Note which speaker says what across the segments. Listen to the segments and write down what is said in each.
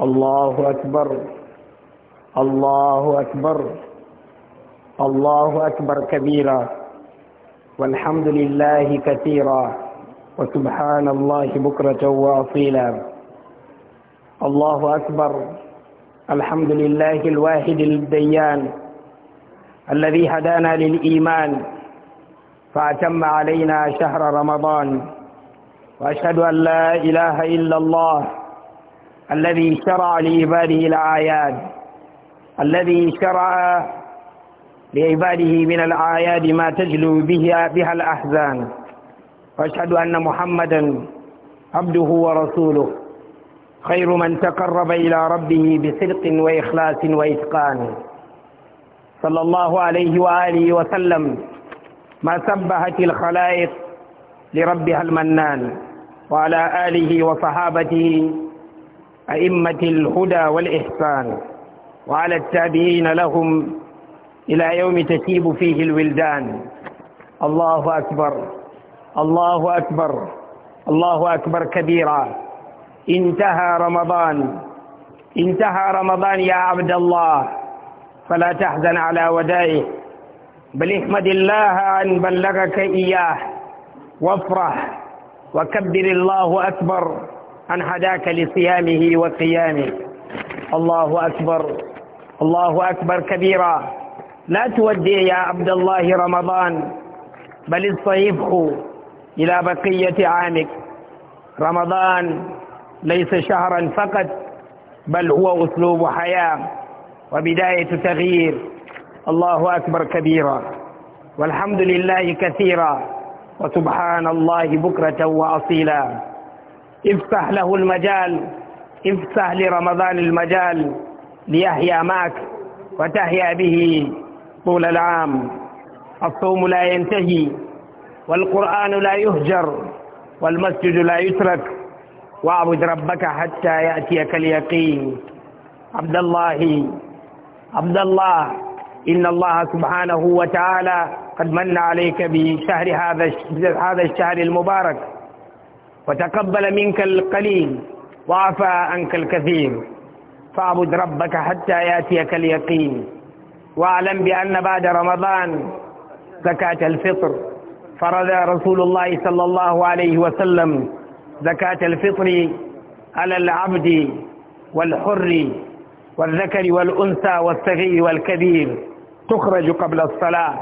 Speaker 1: الله أكبر الله أكبر الله أكبر كبيرا والحمد لله كثيرا وسبحان الله بكرة وأصيلا الله أكبر الحمد لله الواحد الديان الذي هدانا للإيمان فأتم علينا شهر رمضان وأشهد أن لا إله إلا الله الذي شرع لعباده الآيات الذي شرع لعباده من الآيات ما تجلو بها, بها الأحزان وأشهد أن محمدا عبده ورسوله خير من تقرب إلى ربه بصدق وإخلاص وإتقان صلى الله عليه وآله وسلم ما سبهت الخلائق لربها المنان وعلى آله وصحابته أئمة الهدى والإحسان وعلى التابعين لهم إلى يوم تتيب فيه الولدان الله أكبر الله أكبر الله أكبر كبيرا انتهى رمضان انتهى رمضان يا عبد الله فلا تحزن على ودائه بل احمد الله أن بلغك إياه وافرح وكبر الله أكبر أن هداك لصيامه وقيامه الله أكبر الله أكبر كبيرا لا تودي يا عبد الله رمضان بل الصيف إلى بقية عامك رمضان ليس شهرا فقط بل هو أسلوب حياة وبداية تغيير الله أكبر كبيرا والحمد لله كثيرا وسبحان الله بكرة وأصيلا افتح له المجال افتح لرمضان المجال ليحيا معك وتحيا به طول العام الصوم لا ينتهي والقرآن لا يهجر والمسجد لا يترك واعبد ربك حتى يأتيك اليقين عبد الله عبد الله إن الله سبحانه وتعالى قد من عليك بشهر هذا هذا الشهر المبارك وتقبل منك القليل وعفى عنك الكثير فاعبد ربك حتى ياتيك اليقين واعلم بان بعد رمضان زكاه الفطر فرض رسول الله صلى الله عليه وسلم زكاه الفطر على العبد والحر والذكر والانثى والصغير والكبير تخرج قبل الصلاه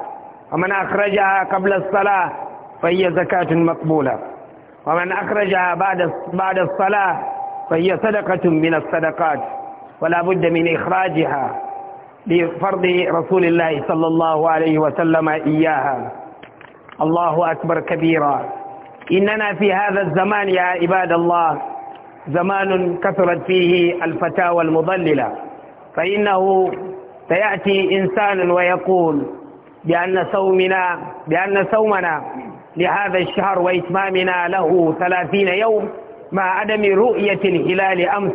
Speaker 1: ومن اخرجها قبل الصلاه فهي زكاه مقبوله ومن أخرجها بعد بعد الصلاة فهي صدقة من الصدقات ولا بد من إخراجها لفرض رسول الله صلى الله عليه وسلم إياها الله أكبر كبيرا إننا في هذا الزمان يا عباد الله زمان كثرت فيه الفتاوى المضللة فإنه سيأتي إنسان ويقول بأن صومنا بأن صومنا لهذا الشهر وإتمامنا له ثلاثين يوم مع عدم رؤية الهلال أمس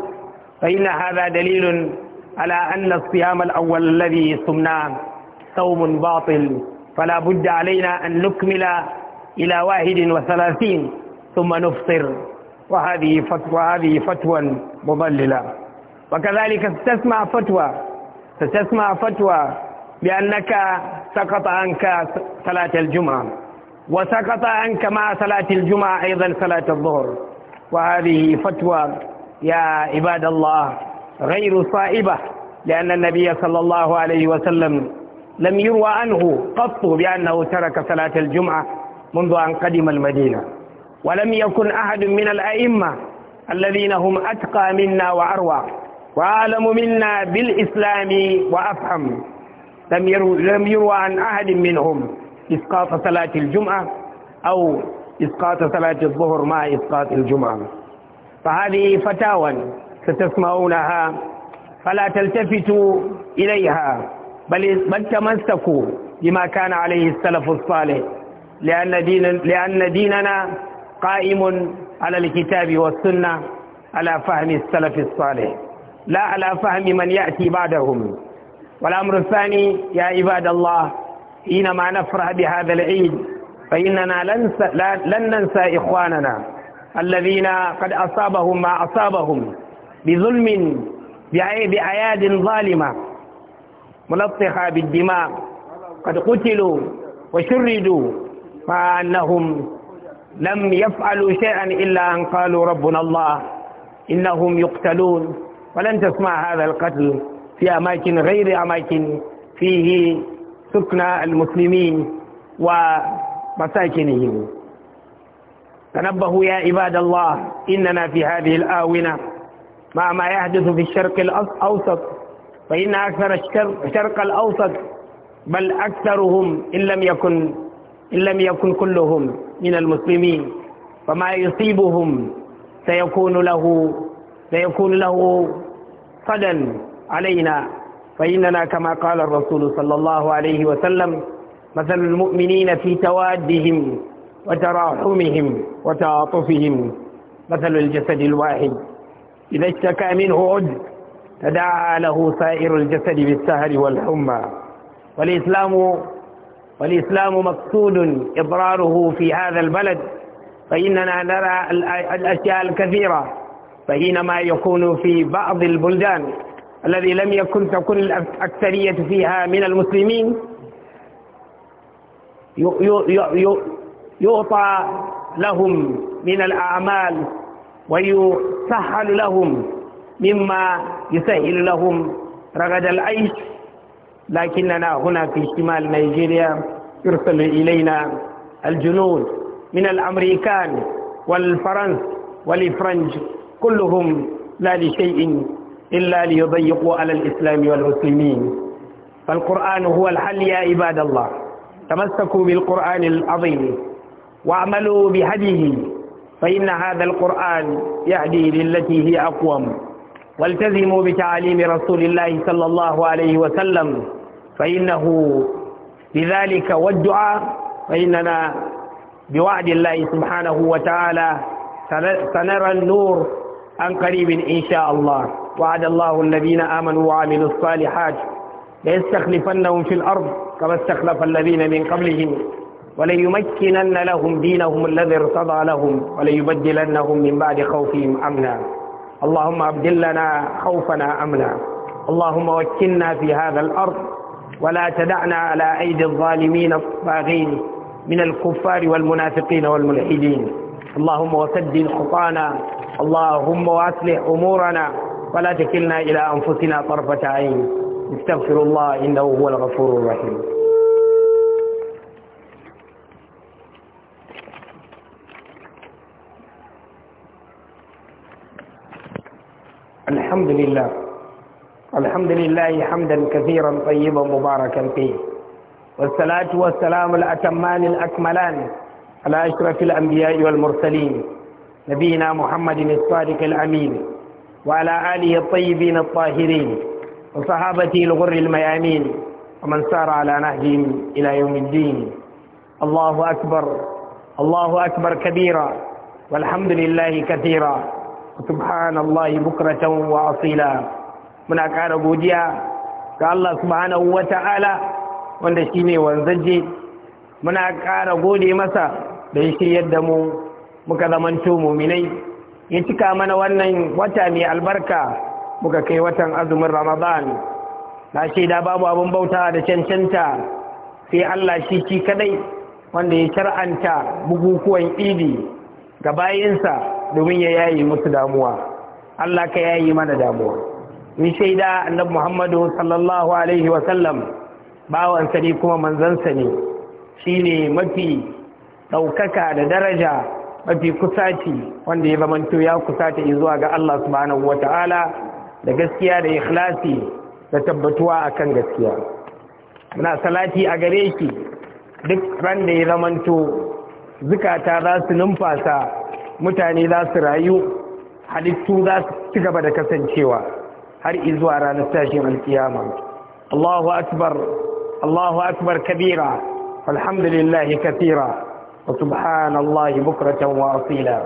Speaker 1: فإن هذا دليل على أن الصيام الأول الذي صمناه صوم باطل فلا بد علينا أن نكمل إلى واحد وثلاثين ثم نفطر وهذه فتوى هذه فتوى مضللة وكذلك ستسمع فتوى ستسمع فتوى بأنك سقط عنك صلاة الجمعة وسقط عنك مع صلاة الجمعة أيضا صلاة الظهر وهذه فتوى يا عباد الله غير صائبة لأن النبي صلى الله عليه وسلم لم يروى عنه قط بأنه ترك صلاة الجمعة منذ أن قدم المدينة ولم يكن أحد من الأئمة الذين هم أتقى منا وأروى وأعلم منا بالإسلام وأفهم لم يروى عن أحد منهم إسقاط صلاة الجمعة أو إسقاط صلاة الظهر مع إسقاط الجمعة فهذه فتاوى ستسمعونها فلا تلتفتوا إليها بل بل تمسكوا بما كان عليه السلف الصالح لأن, دين لأن ديننا قائم على الكتاب والسنة على فهم السلف الصالح لا على فهم من يأتي بعدهم والأمر الثاني يا عباد الله حينما نفرح بهذا العيد فإننا لن ننسى إخواننا الذين قد أصابهم ما أصابهم بظلم بأياد ظالمة ملطخة بالدماء قد قتلوا وشردوا مع أنهم لم يفعلوا شيئا إلا أن قالوا ربنا الله إنهم يقتلون ولن تسمع هذا القتل في أماكن غير أماكن فيه سكن المسلمين ومساكنهم تنبهوا يا عباد الله إننا في هذه الآونة مع ما يحدث في الشرق الأوسط فإن أكثر الشرق الأوسط بل أكثرهم إن لم يكن إن لم يكن كلهم من المسلمين فما يصيبهم سيكون له سيكون له صدى علينا فإننا كما قال الرسول صلى الله عليه وسلم مثل المؤمنين في توادهم وتراحمهم وتعاطفهم مثل الجسد الواحد إذا اشتكى منه عد تداعى له سائر الجسد بالسهر والحمى والإسلام والإسلام مقصود إضراره في هذا البلد فإننا نرى الأشياء الكثيرة فحينما يكون في بعض البلدان الذي لم يكن تكون الأكثرية فيها من المسلمين يعطى لهم من الأعمال ويسهل لهم مما يسهل لهم رغد العيش لكننا هنا في شمال نيجيريا يرسل إلينا الجنود من الأمريكان والفرنس والفرنج كلهم لا لشيء إلا ليضيقوا على الإسلام والمسلمين فالقرآن هو الحل يا عباد الله تمسكوا بالقرآن العظيم واعملوا بهديه فإن هذا القرآن يهدي للتي هي أقوم والتزموا بتعاليم رسول الله صلى الله عليه وسلم فإنه بذلك والدعاء فإننا بوعد الله سبحانه وتعالى سنرى النور عن قريب إن شاء الله وعد الله الذين آمنوا وعملوا الصالحات ليستخلفنهم في الأرض كما استخلف الذين من قبلهم وليمكنن لهم دينهم الذي ارتضى لهم وليبدلنهم من بعد خوفهم أمنا اللهم أبدلنا خوفنا أمنا اللهم وكلنا في هذا الأرض ولا تدعنا على أيدي الظالمين الطاغين من الكفار والمنافقين والملحدين اللهم وسدد خطانا اللهم وأصلح أمورنا ولا تكلنا إلى أنفسنا طرفة عين استغفر الله إنه هو الغفور الرحيم الحمد لله الحمد لله حمدا كثيرا طيبا مباركا فيه والصلاة والسلام الأتمان الأكملان على أشرف الأنبياء والمرسلين نبينا محمد الصادق الأمين وعلى آله الطيبين الطاهرين وصحابته الغر الميامين ومن سار على نهجهم إلى يوم الدين الله أكبر الله أكبر كبيرا والحمد لله كثيرا وسبحان الله بكرة وأصيلا من أكار بوديا كالله سبحانه وتعالى wanda shi ne wanzaje muna ƙara gode masa da ya shiryar da mu muka zamanto muminai ya cika mana wannan wata mai albarka muka kai watan azumin ramadan na shaida babu abin bauta da cancanta sai allah shi ci kadai wanda ya shar'anta bukukuwan idi ga bayinsa domin ya yayi musu damuwa allah ka yayi mana damuwa ni shaida annabi muhammadu sallallahu alaihi wasallam bawansa ne kuma manzansa ne shine mafi ɗaukaka da daraja mafi kusaci wanda ya zamanto ya kusaci zuwa ga Allah subhanahu wata'ala da gaskiya da ikhlasi da tabbatuwa akan gaskiya muna salati a gare shi duk ran da ya zamanto zukata za su numfasa mutane za su rayu halittu za su ci gaba da kasancewa har izuwa ranar tashin alkiyama Allahu akbar Allahu akbar kabira walhamdulillahi kathira wa subhanallahi bukratan wa asila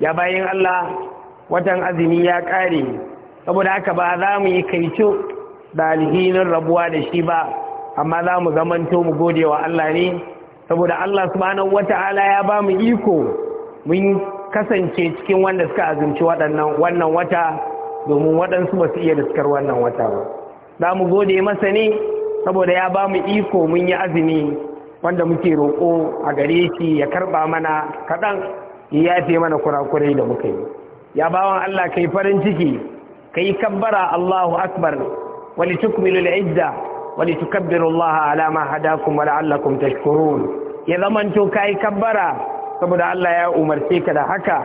Speaker 1: ya bayin Allah watan azumi ya kare saboda haka ba za mu yi kaicu da alhinin rabuwa da shi ba amma za mu zamanto mu gode wa Allah ne saboda Allah subhanahu wata'ala ya ba mu iko mun kasance cikin wanda suka azumci waɗannan wannan wata domin waɗansu ba su iya daskar wannan wata ba za mu gode masa ne saboda ya ba mu iko mun yi azumi wanda muke roƙo a gare shi ya karɓa mana kaɗan ya yafe mana kurakurai da muka yi ya bawan Allah kai farin ciki kai kabbara Allahu akbar wani tukmilu al-idda wali tukabbiru Allah ala ma hadakum wa la'allakum tashkurun ya zamanto kai kabbara saboda Allah ya umarce ka da haka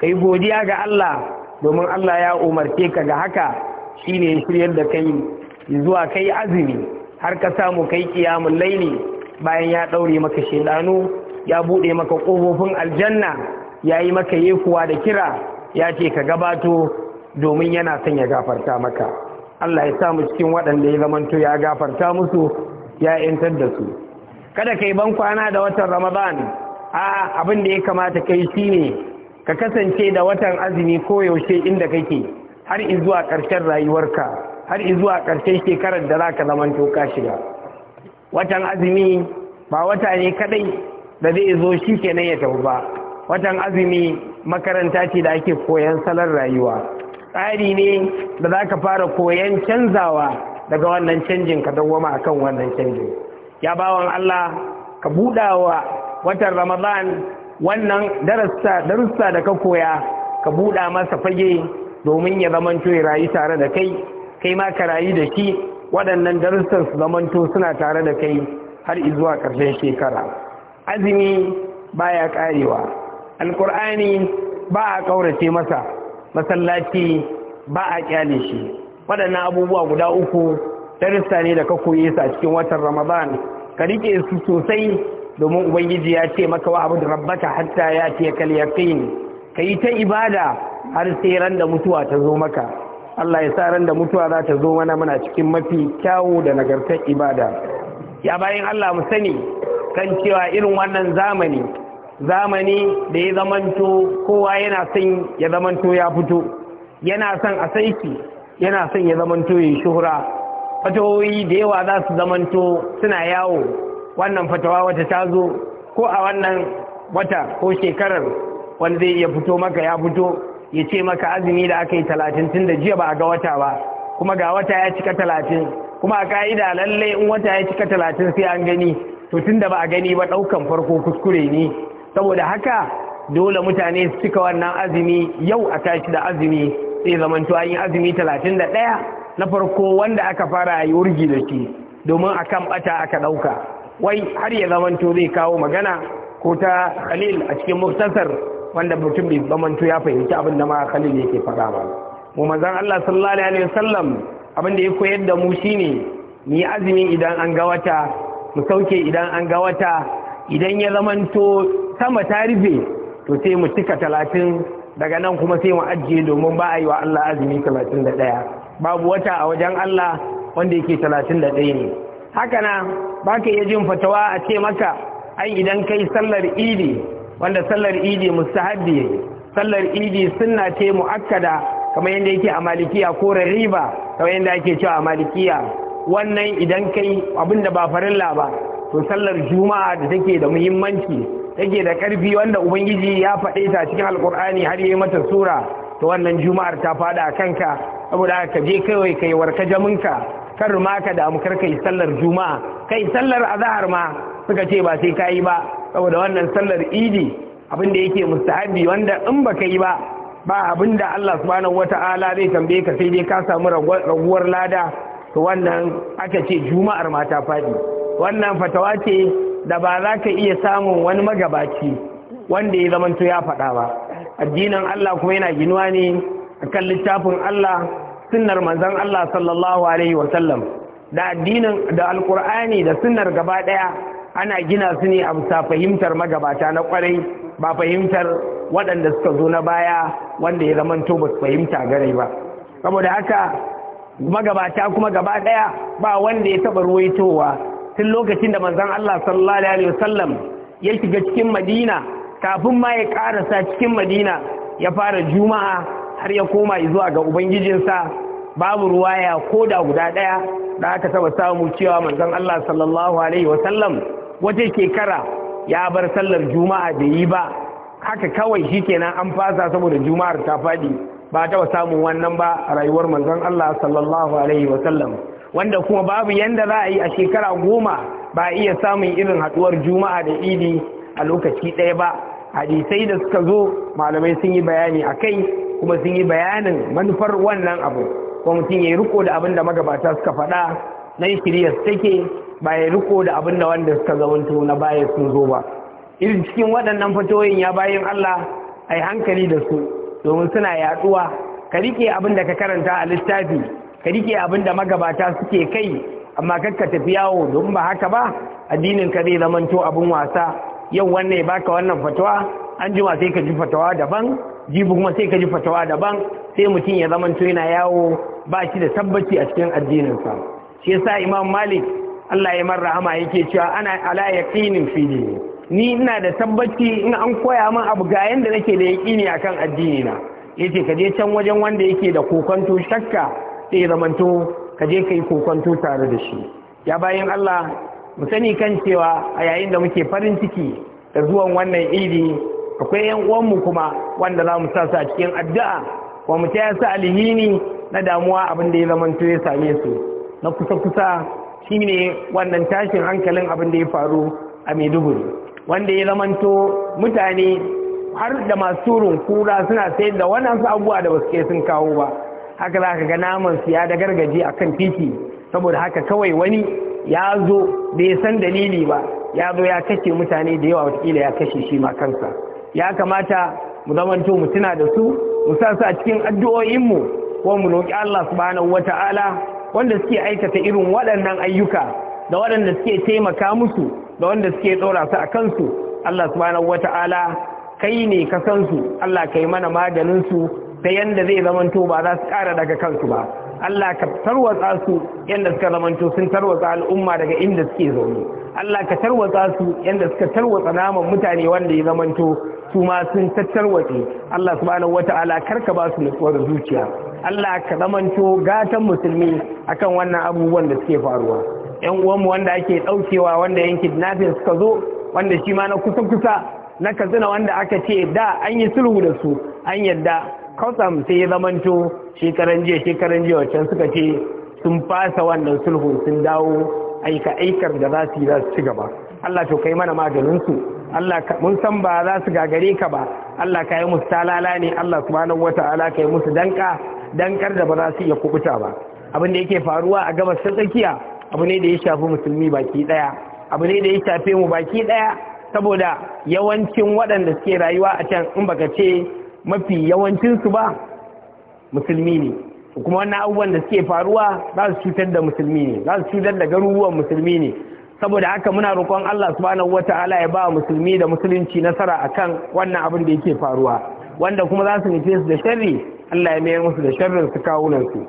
Speaker 1: kai godiya ga Allah domin Allah ya umarce ka ga haka shine shiryar da kai zuwa kai azumi har ka samu kai qiyamul laili bayan ya ɗaure maka shaidanu ya buɗe maka ƙofofin aljanna ya yi maka yekuwa da kira ya ce ka gabato domin yana son ya gafarta maka Allah ya samu cikin waɗanda ya zamanto ya gafarta musu ya ‘yantar da su kada ka yi ban kwana da watan ramadan a abin da ya kamata ka yi shi ka kasance da watan azumi koyaushe inda kake har izuwa ƙarshen rayuwarka har izuwa ƙarshen shekarar da za ka zamanto ka shiga watan azumi ba wata ne kadai da zai zo shi kenan ya tafi ba watan azumi makaranta ce da ake koyan salon rayuwa tsari ne da za ka fara koyan canzawa daga wannan canjin ka a akan wannan canjin ya bawan Allah ka budawa watan ramadan wannan darussa da ka koya ka buɗa masa fage domin ya zamanto ya rayu tare da kai kai ma ka rayu da shi waɗannan darussan su zamanto suna tare da kai har izuwa ƙarshen shekara azumi ba ya ƙarewa alkur'ani ba a ƙaurace masa masallaci ba a ƙyale shi waɗannan abubuwa guda uku darussa ne da ka koye su a cikin watan ramadan ka riƙe su sosai domin ubangiji ya ce maka wa abu da rabbaka hatta ya ce kal yaqin ka yi ta ibada har sai ran da mutuwa ta zo maka Allah ya sa ran da mutuwa za ta zo mana muna cikin mafi kyawu da nagartar ibada ya bayan Allah mu sani kan cewa irin wannan zamani zamani da ya zamanto kowa yana son ya zamanto ya fito yana son a saiki yana son ya zamanto ya shuhura fatawoyi da yawa za su zamanto suna yawo wannan fatawa wata ta zo ko a wannan wata ko shekarar wanda zai iya fito maka ya fito ya ce maka azumi da aka yi talatin tun da jiya ba a ga wata ba kuma ga wata ya cika talatin kuma a ka'ida lalle in wata ya cika talatin sai an gani to tun da ba a gani ba ɗaukan farko kuskure ne saboda haka dole mutane su cika wannan azumi yau a tashi da azumi sai zamantu an yi azumi talatin da ɗaya na farko wanda aka fara yi wurgi da shi domin a kan ɓata aka ɗauka wai har ya zamanto zai kawo magana ko ta khalil a cikin muktasar wanda mutum bai zamanto ya fahimci abin da ma khalil yake faɗa ba mu manzon Allah sallallahu alaihi wasallam abin da ya koyar da mu shine mu azumi idan an ga wata mu sauke idan an ga wata idan ya zamanto sama ta rufe to sai mu cika talatin daga nan kuma sai mu ajiye domin ba a yi wa Allah azumi talatin da ɗaya babu wata a wajen Allah wanda yake talatin da ɗaya ne haka na baka iya jin fatawa a ce maka ai idan kai sallar idi wanda sallar idi mustahabbi sallar idi sunna ce muakkada kamar yadda yake a malikiya ko riba kamar yadda ake cewa a malikiya wannan idan kai abinda ba farilla ba to sallar juma'a da take da muhimmanci take da karfi wanda ubangiji ya faɗe ta cikin alkur'ani har yi mata sura to wannan juma'ar ta faɗa kanka saboda ka je kawai kai warka jaminka kar ma ka damu kar kai sallar juma'a kai sallar azahar ma suka ce ba sai ka yi ba saboda wannan sallar idi abin da yake mustahabi wanda in ba ka yi ba ba abinda da Allah subhanahu wata'ala zai tambaye ka sai dai ka samu raguwar lada to wannan aka ce juma'ar mata fadi wannan fatawa ce da ba za ka iya samun wani magabaci wanda ya zamanto ya faɗa ba addinin Allah kuma yana ginuwa ne akan littafin Allah sunnar manzon Allah sallallahu alaihi wa sallam da addinin da alkur'ani da sunnar gaba daya ana gina su ne a bisa fahimtar magabata na kwarai ba fahimtar waɗanda suka zo na baya wanda ya zama to ba fahimta gare ba saboda haka magabata kuma gaba ɗaya ba wanda ya taɓa ruwaitowa tun lokacin da manzon Allah sallallahu alaihi wasallam ya shiga cikin Madina kafin ma ya karasa cikin Madina ya fara juma'a har ya koma zuwa ga ubangijinsa babu ruwaya ko da guda ɗaya da aka taɓa samu cewa manzon Allah sallallahu alaihi wasallam wata shekara ya bar sallar juma'a da yi ba haka kawai shi kenan an fasa saboda juma'ar ta faɗi ba ta samun wannan ba a rayuwar manzon Allah sallallahu alaihi wasallam wanda kuma babu yanda za a yi a shekara goma ba a iya samun irin haɗuwar juma'a da idi a lokaci ɗaya ba hadisai da suka zo malamai sun yi bayani a kai kuma sun yi bayanin manufar wannan abu kuma mutum ya yi riko da abin da magabata suka faɗa na shirya take ba ya riko da abin da wanda suka zamanto na baya sun zo ba irin cikin waɗannan fatoyin ya bayin Allah a hankali da su domin suna yaduwa ka rike abin da ka karanta a littafi ka rike abin da magabata suke kai amma kakka tafi yawo don ba haka ba addinin ka zai zamanto abin wasa yau wannan ya baka wannan fatawa an jima sai ka ji fatawa daban jibi kuma sai ka ji fatawa daban sai mutum ya zamanto yana yawo ba shi da tabbaci a cikin addininsa shi yasa imam malik Allah ya rahama yake cewa ana ala yaqinin fi ni ina da tabbaci in an koya min abu ga yanda nake da yaqini akan addini na yace ka je can wajen wanda yake da kokonto shakka sai zamanto ka je kai kokonto tare da shi ya bayan Allah mu sani kan cewa a yayin da muke farin ciki da zuwan wannan idi akwai yan uwanmu kuma wanda za mu sa cikin addu'a wa mu ya sa alhini na damuwa abin da ya zamanto ya same su na kusa kusa shine wannan tashin hankalin abin da ya faru a maiduguri wanda ya zamanto mutane har da masu turun kura suna sayar da su abubuwa da basu ke sun kawo ba haka za ka ga naman siya da gargaji a kan titi saboda haka kawai wani ya zo bai san dalili ba ya zo ya kashe mutane da yawa watakila ya kashe shi ma kansa ya kamata mu zamanto mu tuna da su mu sa su a cikin addu'o'inmu ko mu roƙi Allah subhanahu wata'ala wanda suke aikata irin waɗannan ayyuka da waɗanda suke taimaka musu da wanda suke ɗora su a kansu Allah subhanahu wata'ala kai ne ka san su Allah kai mana maganin su ta yanda zai zamanto ba za su ƙara daga kansu ba Allah ka tarwatsa su yanda suka to sun tarwatsa al'umma daga inda suke zaune Allah ka tarwatsa su yanda suka tarwatsa naman mutane wanda ya zamanto su ma sun tattarwatse Allah subhanahu wata'ala karka ba su nutsuwar zuciya Allah ka zamanto gatan musulmi akan wannan abubuwan da suke faruwa yan uwanmu wanda ake daukewa wanda yanki kidnapping suka zo wanda shi ma na kusa kusa na kazina wanda aka ce da an yi sulhu da su an yadda Kausam sai ya zamanto shekaran jiya shekaran jiya wancan suka ce sun fasa wannan sulhu sun dawo aika aikar da za su yi za su ci gaba Allah to kai mana maganin su Allah mun san ba za su gagare ka ba Allah ka yi musu talala ne Allah subhanahu wata'ala ka yi musu danka dan kar da ba za su iya kubuta ba abin da yake faruwa a gabas ta tsakiya abu ne da ya shafi musulmi baki daya abu ne da ya shafe mu baki daya saboda yawancin waɗanda suke rayuwa a can in baka ce mafi yawancinsu ba musulmi ne kuma wannan abubuwan da suke faruwa za su cutar da musulmi ne za su cutar da garuruwan musulmi ne saboda haka muna roƙon Allah subhanahu wata'ala ya ba musulmi da musulunci nasara akan wannan abin da yake faruwa wanda kuma za su nufe su da sharri Allah ya mayar musu da sharrin su kawunansu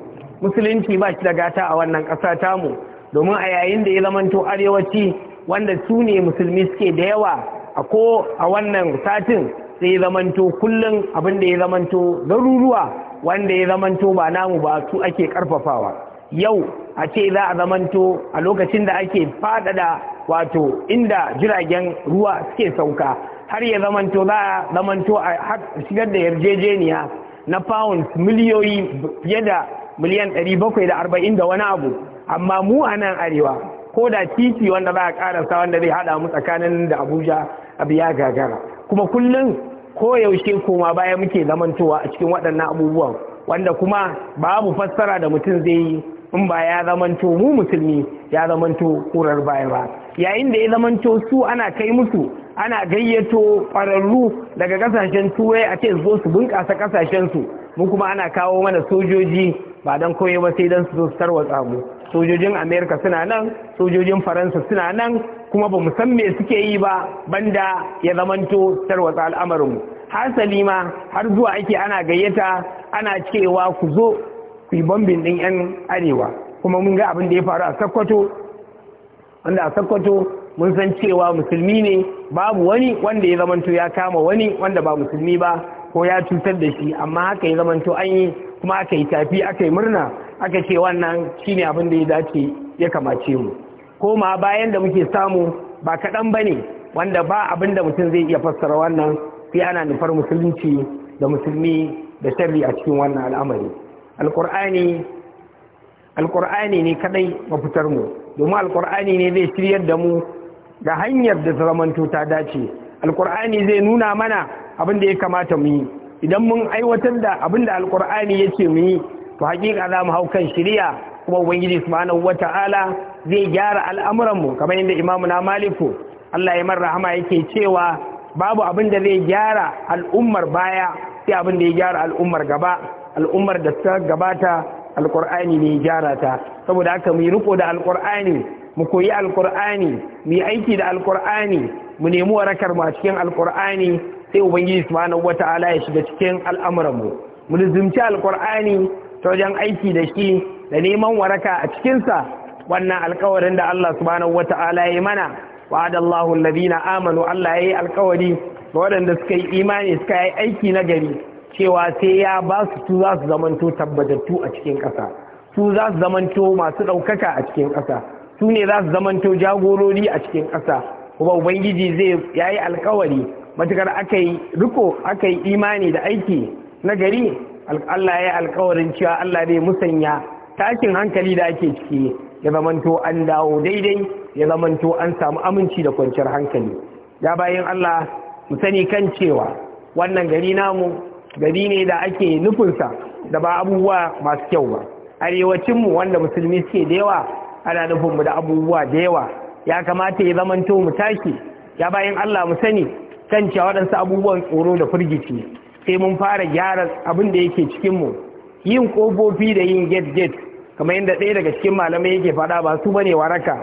Speaker 1: musulunci ba shi da gata a wannan ƙasa tamu domin a yayin da ya zamanto arewaci wanda su ne musulmi suke da yawa a ko a wannan satin sai ya zamanto kullum abin da ya zamanto garuruwa wanda ya zamanto ba namu ba su ake karfafawa yau a ce za a zamanto a lokacin da ake faɗaɗa wato inda jiragen ruwa suke sauka har ya zamanto za a zamanto a shigar da yarjejeniya na pounds miliyoyi fiye da miliyan 740 da wani abu amma mu a nan arewa ko da titi wanda za a karasa wanda zai hada mu tsakanin da abuja abu ya gagara kuma kullum ko yaushe koma baya muke zamantowa a cikin waɗannan abubuwan wanda kuma babu fassara da mutum zai yi in ba ya zamanto mu musulmi ya zamanto kurar baya ba yayin da ya zamanto su ana kai musu ana gayyato ƙwararru daga kasashen turai a ce zo su bunƙasa su mu kuma ana kawo mana sojoji ba don kawai ba sai don su zo su tarwatsa mu sojojin amerika suna nan sojojin faransa suna nan kuma ba san me suke yi ba banda ya zamanto tarwatsa mu hasali ma har zuwa ake ana gayyata ana cewa ku zo ku yi bambin ɗin 'yan arewa kuma mun ga abin da ya faru a sakkwato wanda a sakkwato mun san cewa musulmi ne babu wani wanda ya zamanto ya kama wani wanda ba musulmi ba ko ya cutar da shi amma haka ya zamanto an yi kuma aka yi tafi aka yi murna aka ce wannan ne abin da ya dace ya kamace mu Ko ma bayan da muke samu ba kaɗan ba ne wanda ba abin da mutum zai iya fassara wannan sai ana nufar musulunci da musulmi da sharri a cikin wannan al'amari alkur'ani alkur'ani ne kadai mafitar mu domin alkur'ani ne zai shiryar da mu ga hanyar da ta zamantu ta dace alkur'ani zai nuna mana abin da ya kamata mu yi idan mun aiwatar da abin da alkur'ani ya ce mu yi to hakika za mu hau kan shirya kuma ubangiji subhanahu wata'ala zai gyara al'amuran mu kamar yadda imamu na maliku Allah ya rahama yake cewa babu abin da zai gyara al'ummar baya sai abin da ya gyara al'ummar gaba al'ummar da ta gabata alkur'ani ne gyara ta saboda haka muyi riko da alkur'ani mu koyi alkur'ani mu aiki da alkur'ani mu nemi warakar ma cikin alkur'ani sai ubangiji subhanahu wata'ala ya shiga cikin al'amuran mu mu lizumci alkur'ani ta wajen aiki da shi da neman waraka a cikin sa wannan alkawarin da Allah subhanahu wata'ala ya mana wa'adallahu alladhina amanu Allah yayi alkawari ga waɗanda suka yi imani suka yi aiki na gari cewa sai ya ba su su za su zamanto tabbatattu a cikin ƙasa su za su zamanto masu ɗaukaka a cikin ƙasa su ne za su zamanto jagorori a cikin ƙasa kuma ubangiji zai ya yi alkawari matukar aka yi riko aka yi imani da aiki na gari allah ya yi alkawarin cewa allah zai musanya takin hankali da ake ciki ya zamanto an dawo daidai ya zamanto an samu aminci da kwanciyar hankali ya bayan allah mu sani kan cewa wannan gari namu gari ne da ake nufinsa da ba abubuwa masu kyau ba arewacinmu wanda musulmi suke da yawa ana nufinmu da abubuwa da yawa ya kamata ya zamanto mu tashi ya bayan allah mu sani kan cewa waɗansu abubuwan tsoro da firgici sai mun fara gyara abin da yake cikinmu yin kofofi da yin get get kamar yadda ɗaya daga cikin malamai yake faɗa ba su bane waraka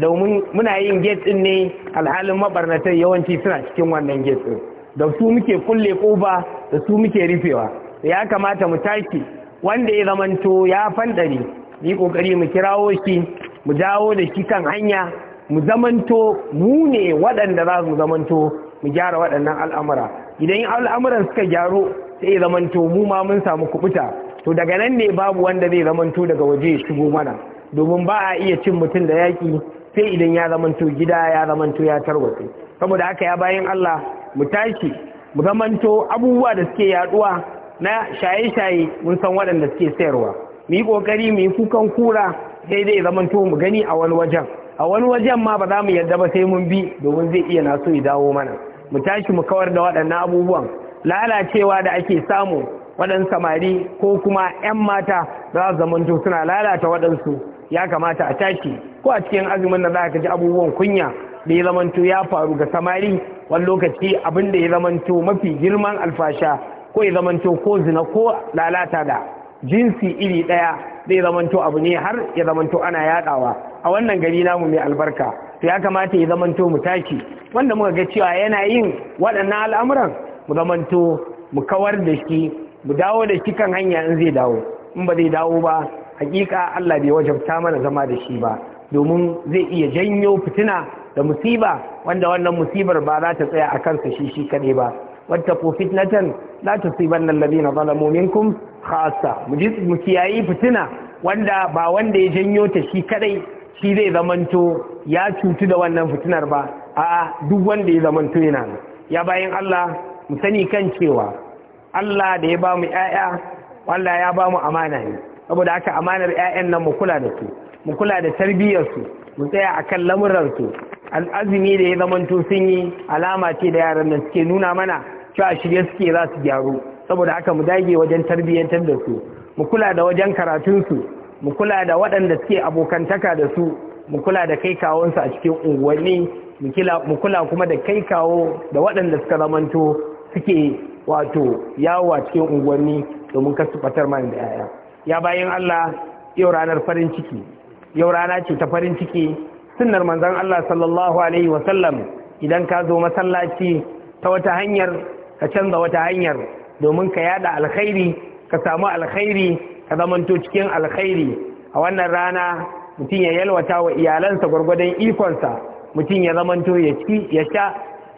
Speaker 1: domin muna yin get ɗin ne alhalin mabarnatar yawanci suna cikin wannan gate ɗin da su muke kulle ƙofa da su muke rufewa ya kamata mu tashi wanda ya zamanto ya fandare yi kokari mu kirawo shi mu dawo da shi kan hanya mu zamanto mu ne waɗanda za mu zamanto mu gyara waɗannan al'amura idan al'amuran suka gyaro sai zamanto mu ma mun samu kubuta to daga nan ne babu wanda zai zamanto daga waje ya shigo mana domin ba a iya cin mutum da yaƙi sai idan ya zamanto gida ya zamanto ya tarwatsu saboda haka ya bayan Allah mu tashi mu zamanto abubuwa da suke yaduwa na shaye-shaye mun san waɗanda suke sayarwa mu yi ƙoƙari mu yi kukan kura sai zai zamanto mu gani a wani wajen a wani wajen ma ba za mu yarda ba sai mun bi domin zai iya naso ya dawo mana mu tashi mu kawar da waɗannan abubuwan lalacewa da ake samu waɗansu samari ko kuma 'yan mata za su zamanto suna lalata waɗansu ya kamata a tashi ko a cikin azumin da za ka ji abubuwan kunya da ya zamanto ya faru ga samari wani lokaci abin da ya zamanto mafi girman alfasha ko ya zamanto ko zina ko lalata da jinsi iri ɗaya zai zamanto abu ne har ya zamanto ana yadawa a wannan gari namu mai albarka to ya kamata ya zamanto mu tashi wanda muka ga cewa yana yin waɗannan al'amuran mu zamanto mu kawar da shi mu dawo da shi kan hanya in zai dawo in ba zai dawo ba hakika Allah bai wajabta mana zama da shi ba domin zai iya janyo fitina da musiba wanda wannan musibar ba za ta tsaya a kansa shi shi kaɗai ba wata ko fitnatan la tusiban alladhina zalamu minkum khassa mu mu kiyayi fitina wanda ba wanda ya janyo ta shi kadai shi zai zamanto ya cutu da wannan fitinar ba a duk wanda ya zamanto yana ya bayan Allah mu sani kan cewa Allah da ya bamu yaya ƴaƴa ya bamu amana ne saboda haka amanar ƴaƴan nan mu kula da su mu kula da tarbiyyar su mu tsaya akan lamuran su al'azumi da ya zamanto sun yi alama ce da yaran nan suke nuna mana cewa shirye suke za su gyaru saboda haka mu dage wajen tarbiyyantar da su mu kula da wajen karatunsu mu kula da waɗanda suke abokantaka da su mu kula da kai kawonsu a cikin unguwanni mu kula kuma da kai kawo da waɗanda suka zamanto suke wato yawo a cikin unguwanni domin kasu fatar mana da yaya ya bayan allah yau ranar farin ciki yau rana ce ta farin ciki sunnar manzan Allah sallallahu alaihi wasallam idan ka zo masallaci ta wata hanyar ka canza wata hanyar domin ka yada alkhairi ka samu alkhairi ka zamanto cikin alkhairi a wannan rana mutum ya yalwata wa iyalansa gwargwadon ikonsa mutum ya zamanto ya ci ya sha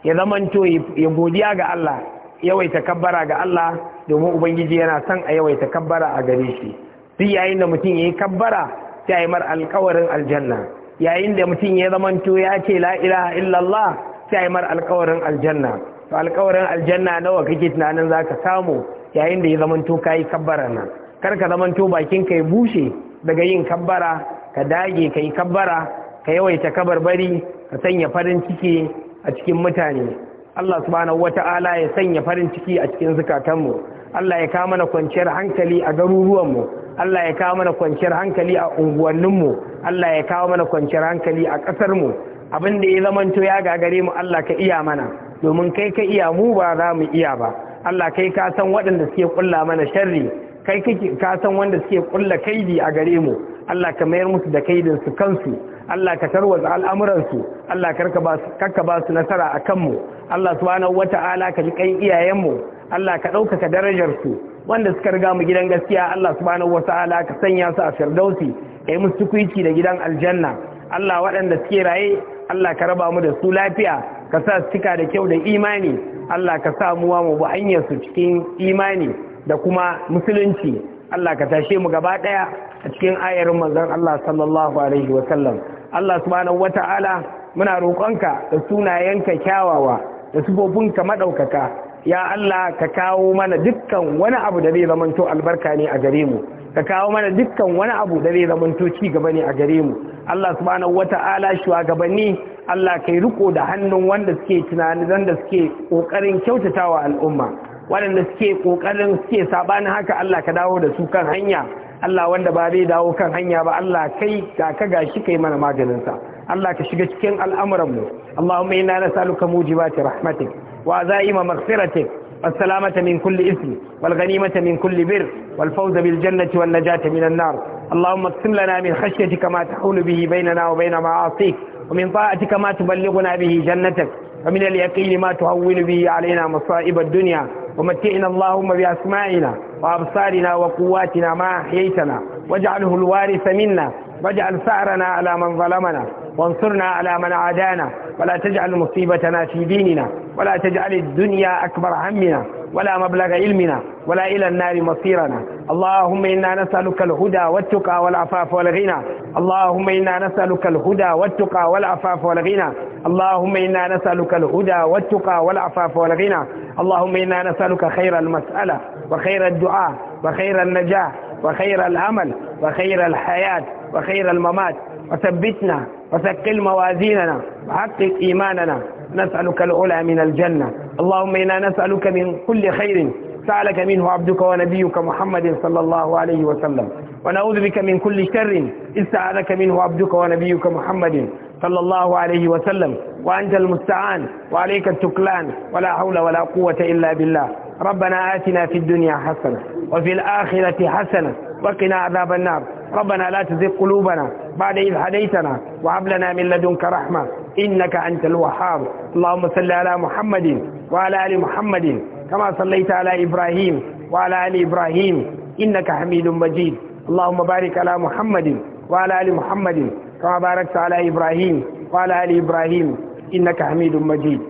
Speaker 1: ya zamanto ya godiya ga Allah yawaita kabbara ga Allah domin ubangiji yana son a yawaita kabbara a gare shi duk yayin da mutum ya yi kabbara sai ya mar alkawarin aljanna yayin da mutum ya zamanto ya ce la ilaha illallah sai mar alkawarin aljanna to alkawarin aljanna nawa kake tunanin zaka samu yayin da ya zamanto yi kabbara nan kar ka zamanto bakin ka bushe daga yin kabbara ka dage ka yi kabbara ka yawaita kabarbari ka sanya farin ciki a cikin mutane Allah subhanahu wata'ala ya sanya farin ciki a cikin zukatanmu Allah ya kawo mana kwanciyar hankali a garuruwanmu Allah ya kawo mana kwanciyar hankali a unguwanninmu Allah ya kawo mana kwanciyar hankali a ƙasarmu abin da ya zamanto ya gagare mu Allah ka iya mana domin kai ka iya mu ba za mu iya ba Allah kai ka san waɗanda suke ƙulla mana sharri kai ka san wanda suke kulla kaidi a gare mu Allah ka mayar musu da kaidin su kansu Allah ka tarwaza al'amuransu Allah karka ba su nasara a kanmu Allah subhanahu wata'ala ka ji kai iyayenmu Allah ka ɗaukaka darajarsu wanda suka riga mu gidan gaskiya Allah subhanahu ta'ala ka sanya su a firdausi ka yi musu tukuici da gidan aljanna Allah waɗanda suke raye Allah ka raba mu da su lafiya ka sa su cika da kyau da imani Allah ka sa mu mu bi hanyar su cikin imani da kuma musulunci Allah ka tashe mu gaba ɗaya a cikin ayar manzon Allah sallallahu alaihi wa sallam Allah subhanahu ta'ala muna roƙonka da sunayenka kyawawa da sufofinka maɗaukaka ya Allah ka kawo mana dukkan wani abu da zai zamanto albarka ne a gare mu ka kawo mana dukkan wani abu da zai zamanto ci gaba ne a gare mu Allah subhanahu wata'ala shugabanni Allah kai riko da hannun wanda suke tunani da suke kokarin kyautatawa al'umma waɗanda suke kokarin suke sabani haka Allah ka dawo da su kan hanya Allah wanda ba zai dawo kan hanya ba Allah kai ga ka gashi kai mana maganin sa Allah ka shiga cikin al'amuranmu Allahumma inna nas'aluka mujibati rahmati. وعزائم مغفرتك والسلامة من كل إثم والغنيمة من كل بر والفوز بالجنة والنجاة من النار اللهم اقسم لنا من خشيتك ما تحول به بيننا وبين معاصيك ومن طاعتك ما تبلغنا به جنتك ومن اليقين ما تهون به علينا مصائب الدنيا ومتعنا اللهم بأسمائنا وأبصارنا وقواتنا ما أحييتنا واجعله الوارث منا واجعل ثأرنا على من ظلمنا وانصرنا على من عادانا ولا تجعل مصيبتنا في ديننا ولا تجعل الدنيا أكبر همنا ولا مبلغ علمنا ولا إلى النار مصيرنا اللهم إنا نسألك الهدى والتقى والعفاف والغنى اللهم إنا نسألك الهدى والتقى والعفاف والغنى اللهم إنا نسألك الهدى والتقى والعفاف والغنى اللهم إنا نسألك خير المسألة وخير الدعاء وخير النجاح وخير الأمل وخير الحياة وخير الممات وثبتنا وثقل موازيننا وحقق إيماننا نسألك العلا من الجنة اللهم إنا نسألك من كل خير سألك منه عبدك ونبيك محمد صلى الله عليه وسلم ونعوذ بك من كل شر استعاذك منه عبدك ونبيك محمد صلى الله عليه وسلم وأنت المستعان وعليك التكلان ولا حول ولا قوة إلا بالله ربنا آتنا في الدنيا حسنة وفي الآخرة حسنة وقنا عذاب النار ربنا لا تزغ قلوبنا بعد إذ هديتنا وهب لنا من لدنك رحمة إنك أنت الوهاب اللهم صل على محمد وعلى آل محمد كما صليت على إبراهيم وعلى آل إبراهيم إنك حميد مجيد اللهم بارك على محمد وعلى آل محمد كما باركت على إبراهيم وعلى آل إبراهيم إنك حميد مجيد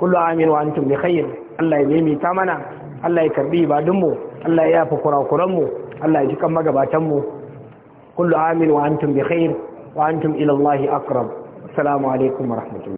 Speaker 1: كل عام وأنتم بخير الله يميمي تامنا Allah ya karbi ibadunmu Allah ya yafi kurakuranmu Allah ya ji kan magabatanmu kullu amin wa antum bi khair wa antum ila Allah alaikum wa rahmatullah